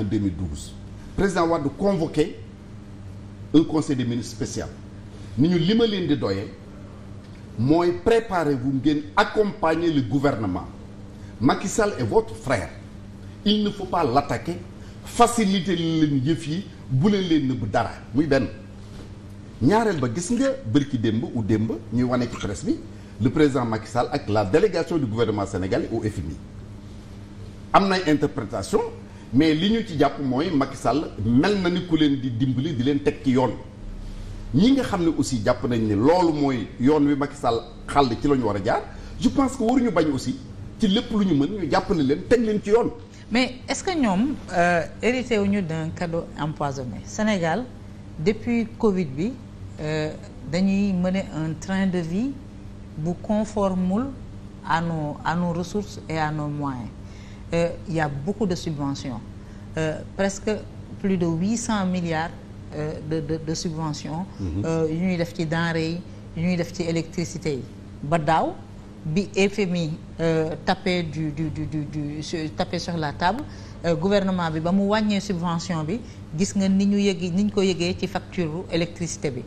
en 2012 président Wade convoqué un conseil des ministres spécial ni ñu li ma leen di doyee mooy préparez bu ngeen accompagner le gouvernement Macky Sall est votre frère il ne faut pas l'attaquer faciliter leen yëf yi bu leen leen nëbb dara muy benn ñaareel ba gis nga bërki démb ou démb ñuy wane ci presse bi le président Macky Sall ak la délégation du gouvernement sénégalais au FMI am na interprétation mais li ñu ci jàpp mooy Macky Sall mel na ni ku leen di dimbali di leen teg ci yoon ñi nga xam ne aussi jàpp nañ ne loolu mooy yoon wi Macky Sall xàll ci la ñu war a jaar je pense que war ñu bañ aussi ci lépp lu ñu mën ñu jàppale leen teg leen ci yoon. mais est-ce que ñoom euh, ñu wuñu d'un cadeau empoisonné Sénégal depuis Covid bi euh, dañuy mëne un train de vie bu conformul à nos à nos ressources et moyens. euh, y a de subventions euh, presque plus de cent milliards euh, de de de subventions. Mhm. Euh, yu ñuy def ci denrées yi yu ñuy def ci électricité yi ba daaw bi FMI euh, tapé du du du du du tapé sur la table euh, gouvernement bi ba mu wàññee subvention bi gis nga ni ñu yëg ni ñu ko yëgee ci facture électricité bi.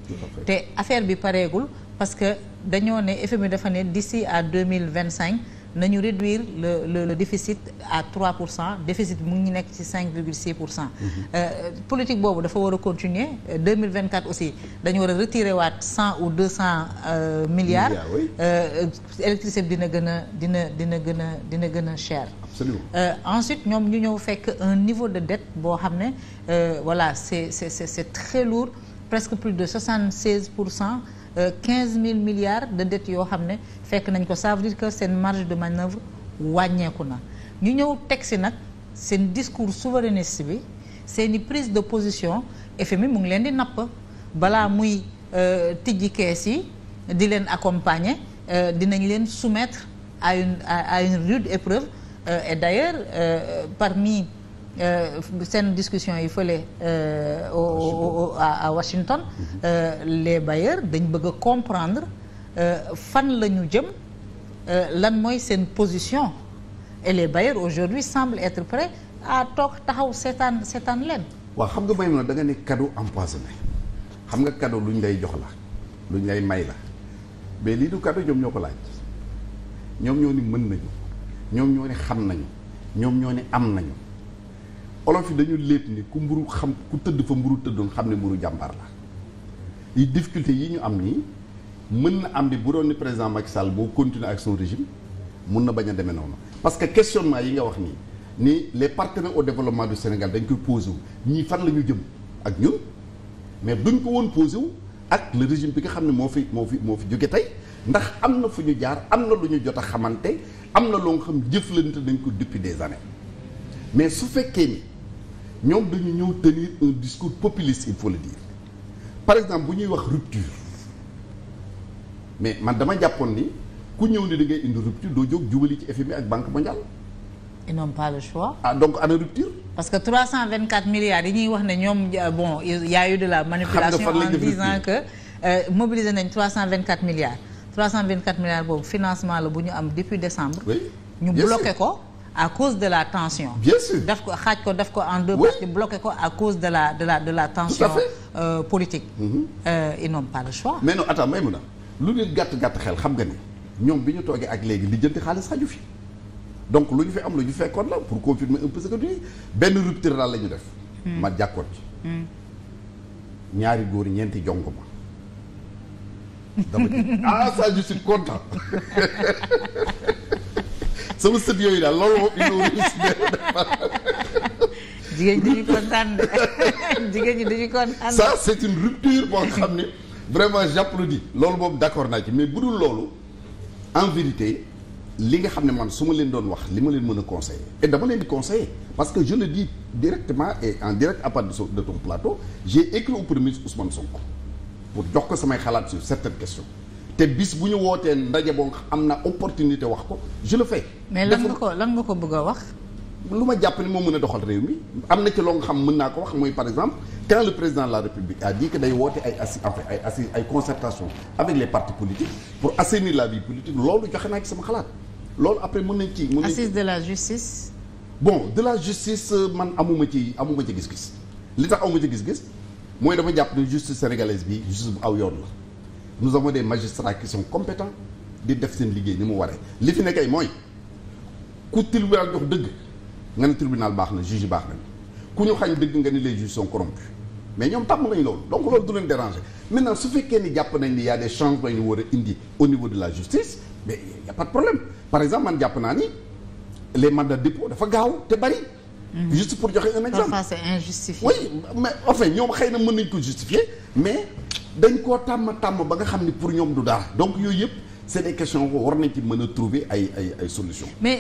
te affaire bi pareegul parce que dañoo ne FMI dafa ne d'ici à deux mille vingt cinq nañu réduire le le le déficit à 3 pour cent déficit mu ngi nekk ci 5 virgule pour cent. Mhm. Euh, politique boobu dafa war a continuer 2024 euh, aussi dañu war a retirer waat 100 ou 200 euh, milliards. milliards oui. euh, bi dina gën a dina dina gën a dina gën a cher. absolument euh, ensuite ñoom ñu ñëw fekk un niveau de dette boo xam ne euh, voilà c'est c'est c'est très lourd presque plus de 76 pour cent. Euh, quinze mille milliards de dettes yoo xam ne fekk nañ ko ça que seen marge de manœuvre wàññeeku na ñu ñëw teg si nag seen discours souverainiste bi seen i prise de position FMI mu ngi leen di napp balaa muy euh, tijji kees yi di leen accompagner euh, dinañ leen soumettre à une à une rude épreuve et d'ailleurs parmi Euh, seen discussion yi fële euh, au à Washington mhm. euh, les bailleurs dañ bëgg a comprendre fan la ñu jëm lan mooy seen position et les bailleurs aujourd'hui semblent être prêts à toog taxaw seetaan seetaan leen waaw xam nga may na da nga ne cadeau empoisonné xam nga lu luñ lay jox la luñ lay may la mais lii du cadeau ñoom ñoo ko laaj ñoom ñoo ni mën nañu ñoom ñoo ni xam nañu ñoom ñoo ni am nañu olof yi dañu léet ni ku mburu xam ku tëdd fa mburu tëddoon xam ne mburu jàmbaar la yi difficulté yi ñu am nii mën na am ni bu doon ni président Macky Sall boo continuer ak son mun na bañ demee noonu parce que questionnement yi nga wax nii ni les partenaires au développement du Sénégal dañ koy wu ñii fan la ñu jëm ak ñun mais duñ ko woon posé wu ak le bi nga xam ne moo fi moo fi moo fi jóge tey ndax am na fu ñu jaar am na lu ñu jot xamante am na loo nga xam jëflante nañ ko depuis des années mais su fekkee ni ñoom dañu ñëw tenir un discours populiste par exemple bu ñuy wax rupture mais man dama jàppoon ni ku ñëw ni da ngay indi rupture doo jóg jubali ci FMI ak Banque mondiale. ils n'ont pas le choix. ah donc ana rupture. parce que 324 milliards yi ñuy wax ne ñoom euh, bon y a eu de la manipulation en disant que euh, mobiliser nañ 324 milliards 324 milliards boobu financement la bu ñu am depuis décembre. ñu oui. bloqué ko. à cause de la tension. bien sûr daf ko xaaj ko daf ko en deux parties bloqué ko a cause de la de la de la tension euh, politique mm -hmm. euh, ils n'ont pas le choix mais non attends may mun a lu nit gàtt-gàtt xel xam nga ni ñoom bi ñu toogee ak léegi li jënti xaalis xaju fi donc lu ñu fi am la ñu fekkoon la pour confirmer un peu ce que tu dis benn rupture daal la ñu def hmm. ma jàkkoon ci hmm. ñaari góor ñeenti jonk ma dama ah ça je content sama sët yooyu daal loolu moom jigéen ñi dañuy kontaan jigéen ñi dañuy kontaan ça c'est une rupture boo xam ne vraiment j'applaudis loolu boobu d'accord naa ci mais bu dul loolu en vérité li nga xam ne man su ma leen doon wax li ma leen mën a conseiller et dama leen di parce que jeu le dis directement et en direct à part de ton plateau j'ai écrit au premier ministre Ousmane pour jox ko samay xalaat sur certaines question te bis bu ñu wootee ndaje boo am na opportunité wax ko je le fais. mais lan nga ko lan nga ko bëgg a wax. lu ma jàpp ni moo mën a doxal réew mi am na ci loo nga xam mën naa ko wax mooy par exemple quand le président de la république a dit que day woote ay assi en fait ay assi ay concertation avec les partis politiques pour assainir la vie politique loolu joxe naa ci sama xalaat loolu après mën nañ ci mën assise de la justice bon de la justice euh, man amuma ci amuma ci gis-gis li tax amuma ci gis-gis mooy dama jàpp ne justice sénégalaise bi bu aw yoon nous avons des magistrats qui sont compétents di def seen liggéey ni mu waree li fi nekkee mooy ku tribunal jox dëgg nga ne tribunal baax na juge baax na ku ñu xañ dëgg nga ni les juges sont mais ñoom tàmm nañ loolu donc loolu du leen déranger maintenant su fekkee ni jàpp nañ ni y a des changements ñu war a indi au niveau de la justice mais y a pas problème par exemple man jàpp naa ni les mandats de dafa gaaw te bari mhm. juste pour joxe un exemple. ça c'est injustifié. oui mais xëy na mën nañ ko justifier mais. dañ koo tàmm tàmm ba nga xam ni pour ñoom du dara donc yooyu yëpp c'est des questions war nañ ci mën a trouver ay ay ay solutions.